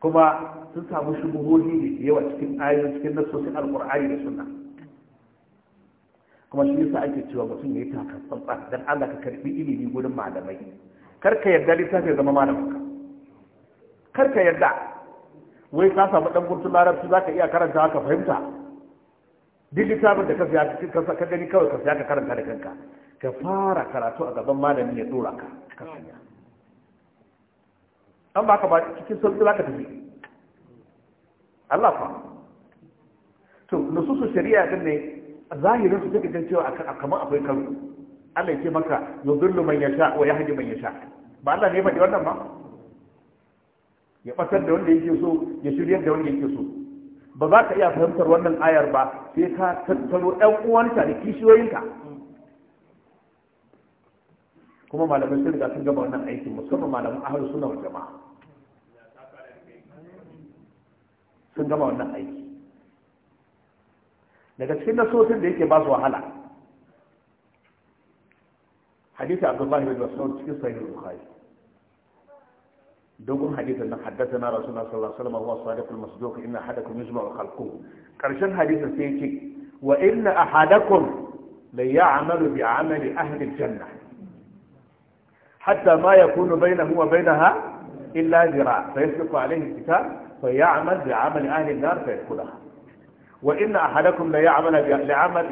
Speaker 1: kuma sun samu shubuhohi ne da yawa cikin ayoyi cikin nasosin alkur'ani da sunna kuma shi yasa ake cewa mutum ya yi taka tsantsan don Allah ka karɓi ilimi gurin malamai kar ka yarda littafin zama malamin ka kar ka yarda wai ka samu dan guntun larabci zaka iya karanta haka fahimta duk littafin da ka siya ka gani kawai ka saya ka karanta da kanka ka fara karatu a gaban malami ya dora ka ka sanya an ba ka ba cikin sauki zaka tafi Allah fa to nususu shari'a din ne zahirin su take cewa kamar akwai kanku Allah ya ce maka yudillu man yasha wa yahdi man yasha ba Allah ne ba wannan ba ya batar da wanda yake so ya shiryar da wanda yake so ba za ka iya fahimtar wannan ayar ba sai ka tattaro ɗan uwanta da kishiyoyinka kuma malamai sun riga sun gaba wannan aikin musamman malaman ahal suna wa jama'a sun gaba wannan aiki daga cikin nasosin da yake ba su wahala hadisi abdullahi bin mas'ud cikin sahih bukhari دوغن حديث أن حدثنا رسول الله صلى الله عليه وسلم هو الصادق المصدوق إن أحدكم يجمع خلقه كرشان حديث سيكي وإن أحدكم ليعمل بعمل أهل الجنة حتى ما يكون بينه وبينها إلا ذراع فيسبق عليه الكتاب فيعمل بعمل أهل النار فيدخلها وإن أحدكم ليعمل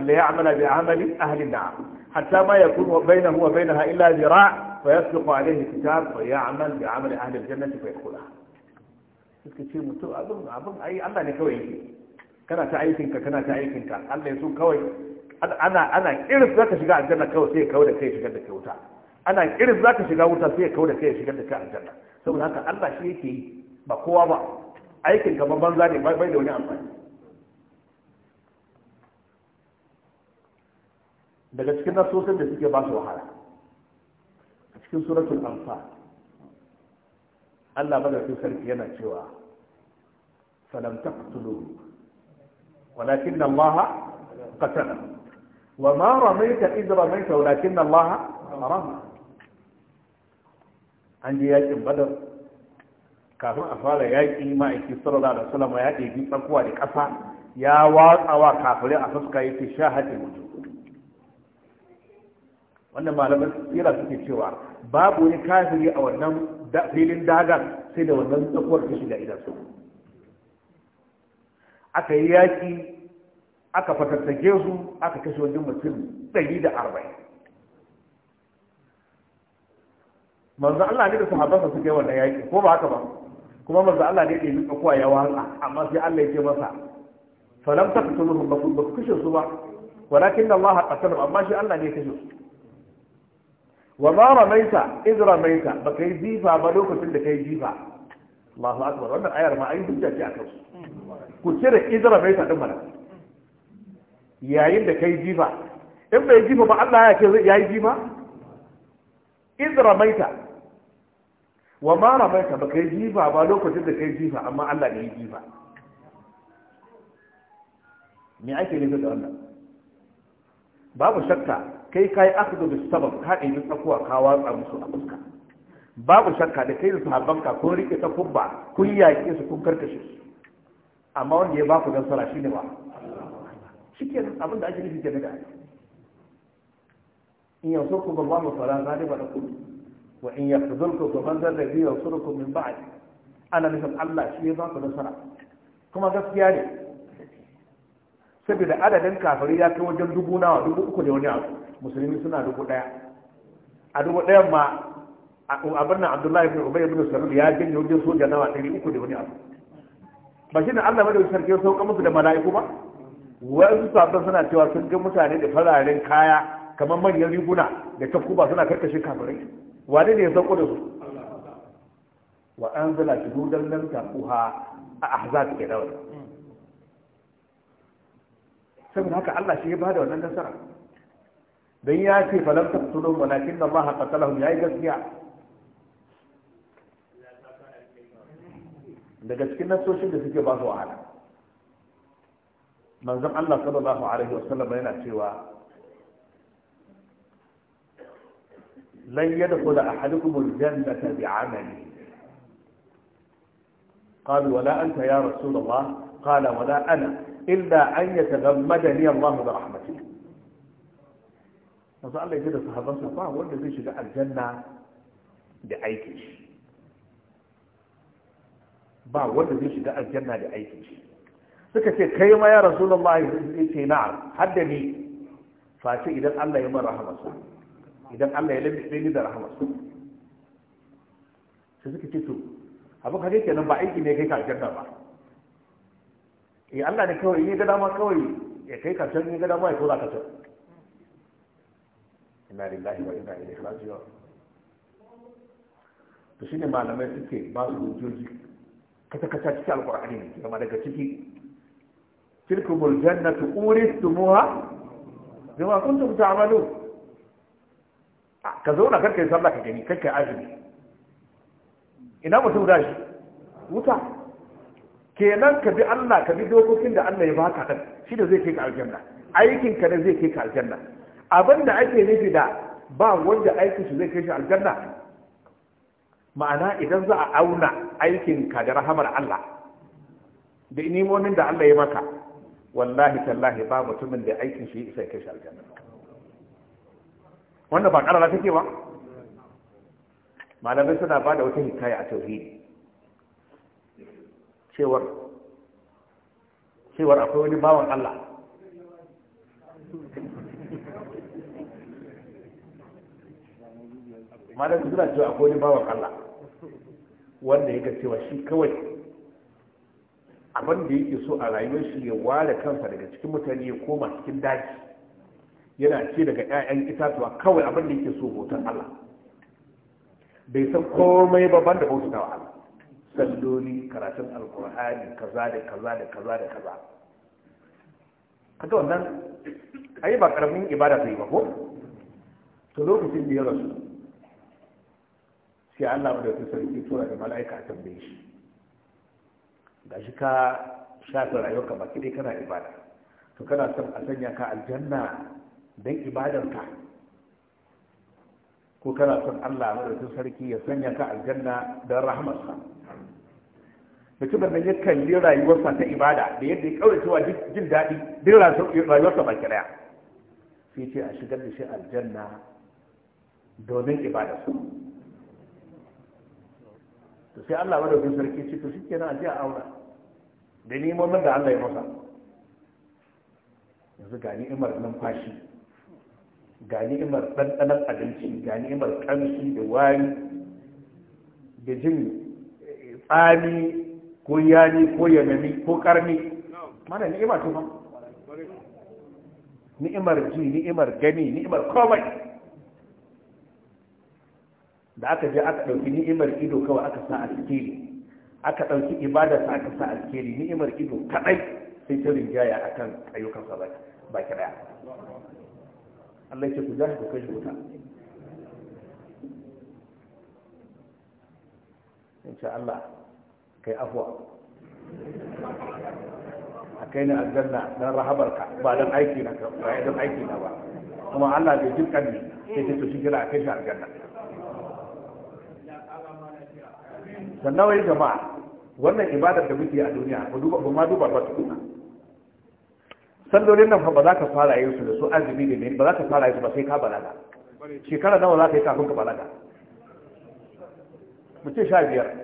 Speaker 1: ليعمل بعمل أهل النار حتى ما يكون بينه وبينها إلا ذراع فيطلق عليه كتاب فيعمل بعمل أهل الجنة فيدخلها suka ce mutum abin abin ai Allah ne kawai yake kana ta aikinka kana ta aikinka Allah ya so kawai ana ana kiris zaka shiga aljanna kawai sai ya kawai da kai shigar da kai wuta ana kiris ka shiga wuta sai ya kawai da kai shigar da kai aljanna saboda haka Allah shi yake yi ba kowa ba Aikinka ka banza ne bai da wani amfani daga cikin nasosin da suke ba su wahala cikin suratul anfa Allah madaukin sarki yana cewa falam taqtulu walakin Allah qatala wa ma ramaita id ramaita walakin Allah rama an je yakin badar kafin a fara yaƙi ma'aiki sallallahu alaihi wasallam ya ɗebi tsakuwa da ƙasa ya watsawa kafirai a fuska yake shahadin mutum wannan malamin tsira suke cewa babu wani kafiri a wannan filin dagar sai da wannan tsakuwar ta shiga su aka yi yaƙi aka fatattake su aka kashe wani mutum ɗari da arba'in manzo Allah ne da sahabbansa suka yi wannan yaƙi ko ba haka ba kuma manzo Allah ne da yi tsakuwa ya watsa amma sai Allah ya ce masa falam taqtuluhum ba ku kashe su ba walakin Allah qatalahum amma shi Allah ne ya kashe su wa ma ramaita iz ramaita ba kai jifa ba lokacin da kai jifa Allahu akbar wannan ayar ma ai hujja ce akan su ku cire iz ramaita din mana yayin da kai jifa in bai jifa ba Allah ya ce zai yayi jifa iz ramaita wa ma ramaita ba kai jifa ba lokacin da kai jifa amma Allah ne ya jifa me ake nufi da wannan babu shakka kai kai akhdhu bis sabab ka dai tsakuwa ka watsa musu a fuska babu shakka da kai da sahabbanka kun rike ta kun ba kun yaƙe su kun karkashe su amma wanda ya ba ku nasara shine ba shikenan abin da ake nufi kenan da ake in yansurkum Allahu fala ghaliba lakum wa in yakhzulkum fa man dhal ladhi yansurukum min ba'd ana nufin Allah shi ya ba ku nasara kuma gaskiya ne saboda adadin kafari ya kai wajen dubu nawa dubu uku ne wani abu musulmi suna dubu daya a dubu daya ma abin nan abdullahi bin ubay bin salul ya janye wajen soja nawa ɗari uku ne wani abu ba shi ne allah madawi sarki ya sauka musu da mala'iku ba wasu sabbin suna cewa sun ga mutane da fararen kaya kamar manyan riguna da tafkuba suna karkashin kafirai wane ne ya sauko da su wa an zala shi dudan nan tafuha a ahzab ke dawai saboda haka Allah shi ya bada wannan nasara dan ya ce falam taqtuluhum walakin Allah qatalahum yayi gaskiya daga cikin nasoshin da suke ba su wahala manzon Allah sallallahu alaihi wasallam yana cewa lan yadkhul ahadukum aljannata bi'amali قال ولا أنت يا رسول الله قال ولا أنا illa an yataghammadani Allah bi rahmatihi manzo Allah ya da sahabansa ba wanda zai shiga aljanna da aikin shi ba wanda zai shiga aljanna da aikin shi suka ce kai ma ya rasulullah ya ce na'am hadda ni face idan Allah ya mara rahamarsa idan Allah ya lalle ni da rahamarsa sai suka ce to abin kaje kenan ba aiki ne kai ka aljanna ba eh Allah ne kawai in ga dama kawai ya kai ka can in ga dama ya tura ka can inna lillahi wa inna ilaihi raji'un to shine malamai suke ba su hujjoji kata kata cikin alqur'ani ne kuma daga ciki tilkumul jannatu uristumuha bima kuntum ta'malun ka zauna karka yi sallah ka gani karka yi azumi ina mutum da shi wuta kenan ka bi Allah ka bi dokokin da Allah ya baka kan shi da zai kai ka aljanna aikin ka ne zai kai ka aljanna abin da ake nufi da ba wanda aikin shi zai kai shi aljanna ma'ana idan za a auna aikin ka da rahamar Allah da nimomin da Allah ya maka wallahi tallahi ba mutumin da aikin shi isa kai shi aljanna Wannan ba karara take ba malamai suna ba da wata hikaya a tauhidi cewar cewar akwai wani bawan Allah malam suna cewa akwai wani bawan Allah wanda ya cewa shi kawai abin da yake so a rayuwar shi ya ware kansa daga cikin mutane ya koma cikin daji yana ce daga 'ya'yan itatuwa kawai abin da yake so hoton Allah bai san komai ba banda bautawa Allah salloli karatun alkur'ani kaza da kaza da kaza da kaza kaga wannan ai ba karamin ibada sai ba ko to lokacin da ya rasu sai Allah da ta sarki tura da mala'ika ta tambaye shi gashi ka shafe rayuwarka baki dai kana ibada to kana son a sanya ka aljanna dan ibadarka ko kana son Allah da ta sarki ya sanya ka aljanna dan rahmarsa mutumin nan ya kalli rayuwarsa ta ibada da yadda ya kawai wa jin daɗi duk rayuwarsa ba kiraya sai ce a shigar da shi aljanna domin su to sai Allah madaukin sarki ce to shikenan a je a aura da nemomin da Allah ya masa yanzu ga ni'imar numfashi ga ni'imar ɗanɗanon abinci ga ni'imar ƙamshi da wari da jin eh, tsami ko yani ko yanani ko karni mana ni'ima ce ba ni'imar ji ni'imar gani ni'imar komai da aka je aka ɗauki ni'imar ido kawai aka sa a aka ɗauki ibada sa aka sa a ni'imar ido kaɗai sai ta rinjaya a kan ayyukan sa ba ki ɗaya Allah ce ku za ku kai wuta in Allah kai afuwa a kai na aljanna don rahabarka ba don aiki na ba don aiki na ba kuma Allah bai jin kanni sai ta tushe kira a kai shi aljanna sannan wai jama'a wannan ibadar da muke a duniya ba duba ba ma duba ba tukuna dole nan fa ba za ka fara yin su da su azumi da ne ba za ka fara yin su ba sai ka balaga shekara nawa za ka yi kafin ka balaga mu ce sha biyar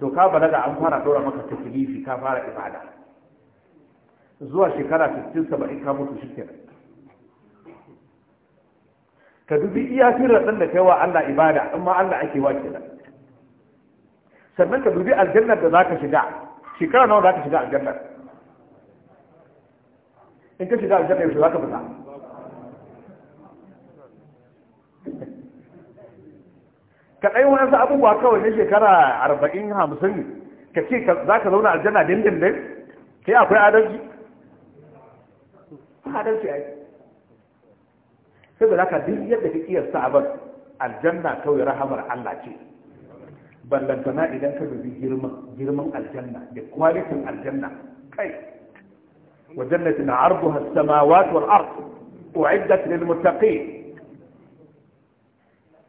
Speaker 1: to ka balaga an fara ɗora maka taklifi ka fara ibada zuwa shekara 60 70 ka mutu shi kenan ka dubi iya firar ɗin da kaiwa Allah ibada in ma Allah ake wa kenan sannan ka dubi aljannar da zaka shiga shekara nawa zaka shiga aljannar in ka shiga aljannar yaushe zaka fita Kaɗai ɗaya wani abubuwa kawai na shekara arba'in hamsin ka ce za ka zauna aljanna dindindin sai akwai adalci adalci ai sai da ka duk yadda ka iya sabon aljanna kawai rahamar Allah ce ballantana idan ka dubi girman aljanna da kwalitin aljanna kai Wajen jannatin arduha as-samawati wal ard u'iddat lil muttaqin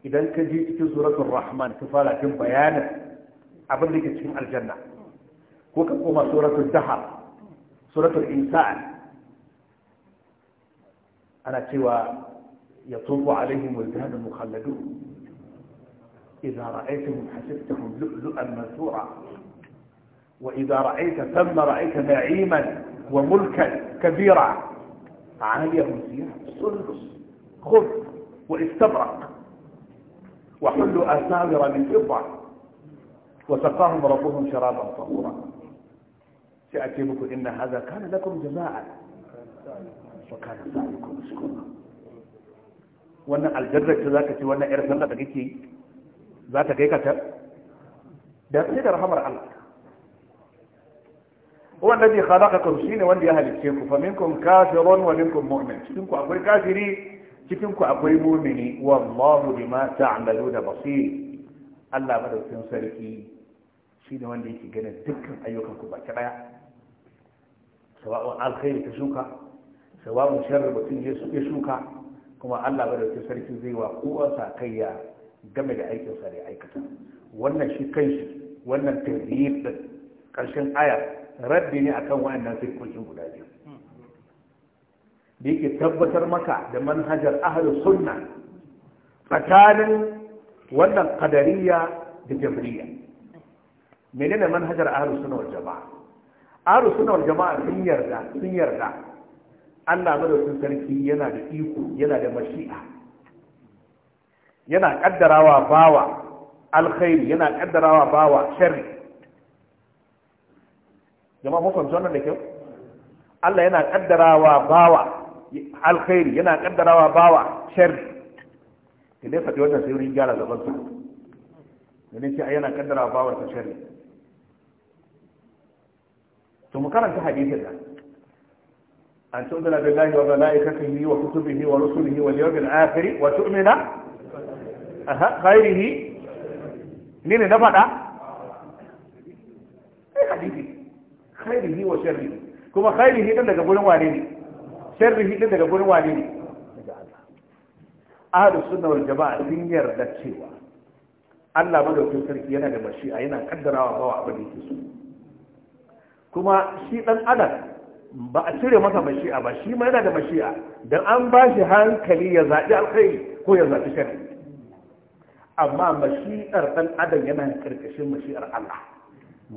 Speaker 1: idan ka ji cikin suratul rahman ka fara cikin bayanin abin da ke cikin aljanna ko ka koma suratul dahar suratul insan ana cewa ya tubu alaihim wildanun mukhalladu idza ra'aytahum hasibtahum lu'lu'an mansura wa idza ra'ayta thamma ra'ayta na'iman wa mulkan kabira عاليهم ثياب سندس خضر واستبرق وحلوا أساور من فضة وسقاهم ربهم شرابا طهورا سيأتي بكم إن هذا كان لكم جزاء وكان سعيكم مشكورا wannan aljannar ta za ka ce wannan yar sallah da kake za ta kai katar da sai da rahamar Allah wanda zai halaka kan shi ne wanda ya halicce ku fa minkum wa cikin ku akwai mumini wallahu bima ta'maluna basir Allah madaukakin sarki shine wanda yake ganin dukkan ayyukan ku baki daya sawa'un alkhairi ta shuka sawa'un sharri mutum ya shuka kuma Allah madaukakin sarki zai wa kowa sakayya game da aikin sa da aikata wannan shi kanshi wannan tahdid din karshen aya raddi ne akan wa'annan sirkokin guda biyu da yake tabbatar maka da manhajar ahlus sunna tsakanin wannan kadariya da jamriya menene manhajar ahlus sunna wal jamaa ahlus sunna wal jamaa sun yarda sun yarda Allah madaukakin sarki yana da iko yana da mashi'a yana kaddarawa bawa alkhairi yana kaddarawa bawa sharri jama'a mun fahimci wannan da kyau Allah yana kaddarawa bawa alkhairi yana kaddarawa bawa sharri da dai faɗi wannan sai wurin gyara gaban sa da ne sai yana kaddarawa bawa ta sharri to mu karanta hadisin nan an tu'minu billahi wa malaikatihi wa kutubihi wa rusulihi wal yawmil akhir wa tu'mina aha khairihi Ni ne na faɗa sai hadisi khairihi wa sharrihi kuma khairihi dan daga gurin wane ne sirri din daga gurin wani ne daga Allah ahlus sunna wal jama'a sun yarda cewa Allah madaukakin sarki yana da mashi'a yana kaddarawa bawa abin da yake so kuma shi dan adam ba a cire masa mashi'a ba shi ma yana da mashi'a dan an ba shi hankali ya zaɓi alkhairi ko ya zaɓi shari amma mashi'ar dan adam yana karkashin mashi'ar Allah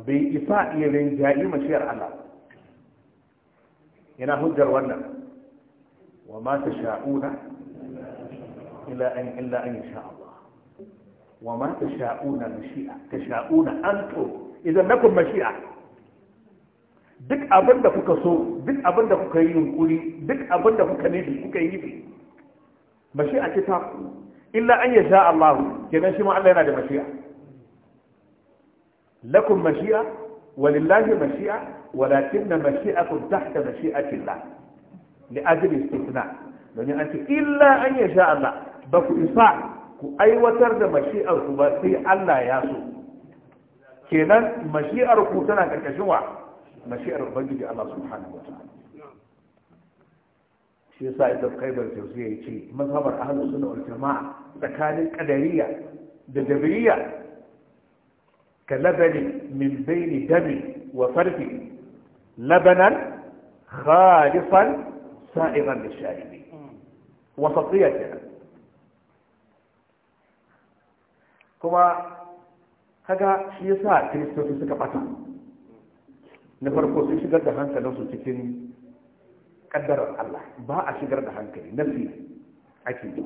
Speaker 1: bai isa iya rinjayi mashi'ar Allah yana hujjar wannan wa ma tasha'una illa an illa an yasha Allah wa ma tasha'una mashi'a tasha'una antum idan nakum mashi'a duk abin da kuka so duk abin da kuka yi yunkuri duk abin da kuka nufi kuka yi nufi mashi'a ce ta ku illa an yasha Allah kenan shi ma Allah yana da mashi'a lakum mashi'a ولله مشيئة ولكن مشيئة تحت مشيئة الله li ajli istithna domin an ce illa an ya Allah ba ku isa ku aiwatar da mashi'ar ku ba sai Allah ya so kenan mashi'ar tana karkashin wa mashi'ar ubangiji Allah subhanahu wataala shi yasa ita kaibar tausiya ya ce mazhabar ahlus sunna wal jama'a tsakanin qadariyya da jabiriyya ka labani min bayni dami wa farfi labanan khalisan سائغا للشاربين وسطية كما kaga shi yasa kiristoci suka bata na farko sun shigar da hankalinsu cikin kaddarar Allah ba a shigar da hankali nafi ake yi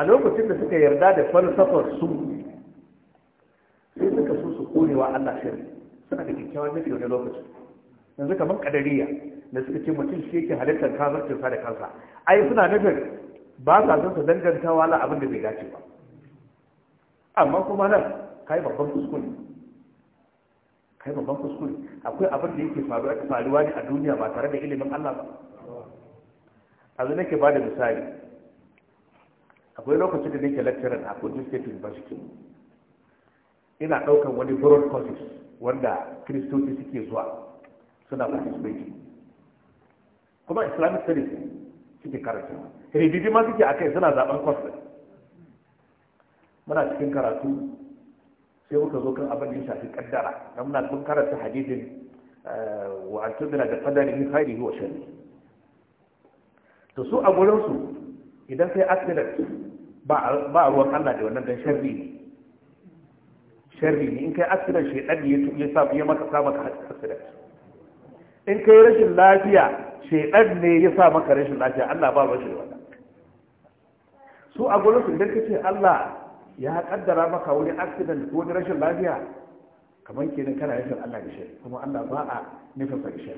Speaker 1: a lokacin da suka yarda da falsafar su sai suka so su kone wa Allah shirri suna da kyakkyawan nufi wani lokaci yanzu kamar kadariya da suka ce mutum shi yake halittar sa da kansa ai suna nufin ba sa son su dangantawa la abin da bai dace ba amma kuma nan kai babban kuskure kai babban kuskure akwai abin da yake faruwa ne a duniya ba tare da ilimin Allah ba a zai nake ba da misali akwai lokacin da nake lecturer a Kogi State University ina ɗaukar wani broad courses wanda kristoci suke zuwa suna participating kuma islamic studies suke karatu rigidi ma suke a kai suna zaben kwasa muna cikin karatu sai muka zo kan abin da ya shafi kaddara don muna kun karatu hadisin eh, wa an da fadari min khairi wa shari to su a gurin su idan sai accident ba ba ruwan Allah da wannan dan sharri ne sharri ne in kai accident shi ɗan ya sa ya maka samaka maka accident in kai rashin lafiya shedan ne ya sa maka rashin lafiya Allah ba da wannan su a gurin su idan ka ce Allah ya kaddara maka wani accident ko wani rashin lafiya kamar kenan kana rashin Allah ya shi kuma Allah ba a nufin sa shi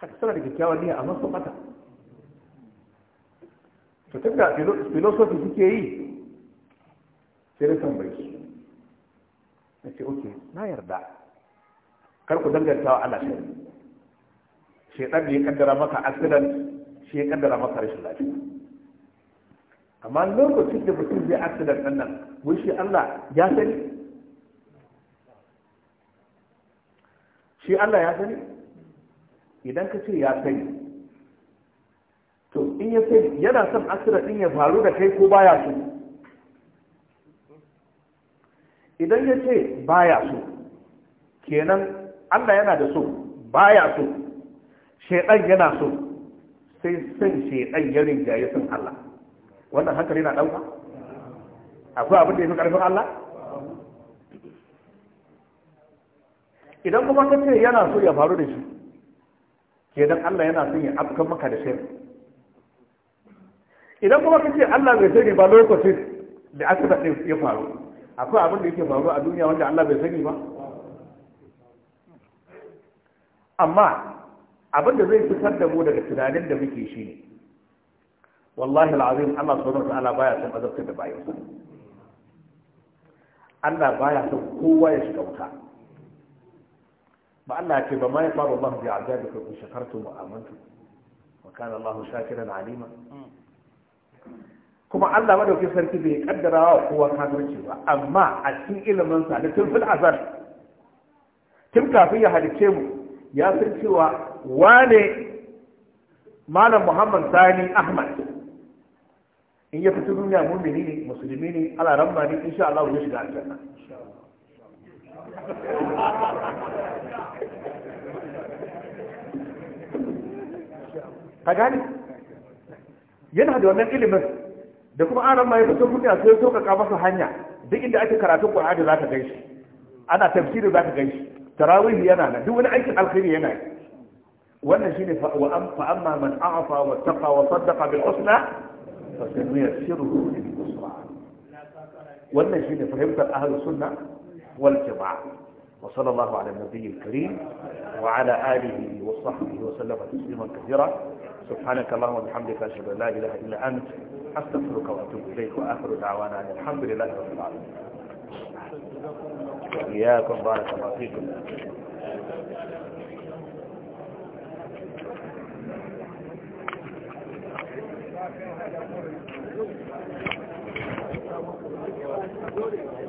Speaker 1: haka suna da kyakkyawa niyya a masu mata to tunda philosophy suke yi sai da tambayi baiki na ce ok na yarda kar ku danganta wa Allah shari'a da ya kaddara maka accident shi ya kaddara maka rashin lafiya amma lokacin da mutum zai accident ɗan nan mun shi Allah ya sani shi Allah ya sani idan ka ce ya sani to in ya sani yana son accident ɗin ya faru da kai ko baya so idan ya ce baya so kenan Allah yana da so baya so shaidan yana so sai san shaidan ya rinjaye sun Allah wannan hankali na ɗauka akwai abin da ya fi ƙarfin Allah idan kuma ka ce yana so ya faru da shi ke Allah yana son ya afkan maka da shaidan idan kuma ka ce Allah bai sani ba lokacin da aka da ya faru akwai abin da yake faru a duniya wanda Allah bai sani ba amma abin da zai fitar da mu daga tunanin da muke shi ne wallahi al'azim Allah subhanahu wa ta'ala baya son azabtar da bayansa Allah baya son kowa ya shiga wuta ba Allah ce ba ma ya fara Allah bi azabikum in shakartum wa amantum wa kana Allah shakiran alima kuma Allah madaukakin sarki bai kaddara wa kowa kafirci ba amma a cikin ilimin sa da tun fil azar tun kafin ya halice mu ya san cewa wane malam muhammad sani ahmad in ya fito duniya mumini ne musulmi ne ala ramma ne insha Allah ya shiga aljanna ka gani yana da wannan ilimin da kuma an ramma ya fito duniya sai ya ka masa hanya duk inda ake karatun Qur'ani za ka gaishe ana tafsiri za ka gaishe tarawih yana nan duk wani aikin alkhairi yana da. wannan shine فأما من أعطى واتقى وصدق بالحسنى فسنيسره saddaqa bil فهمت أهل السنة lil وصلى الله على النبي الكريم وعلى آله وصحبه وسلم تسليما كثيرا سبحانك اللهم وبحمدك أشهد أن لا إله إلا أنت أستغفرك وأتوب إليك وآخر دعوانا أن الحمد لله رب العالمين
Speaker 2: وإياكم بارك الله فيكم
Speaker 1: Thank you.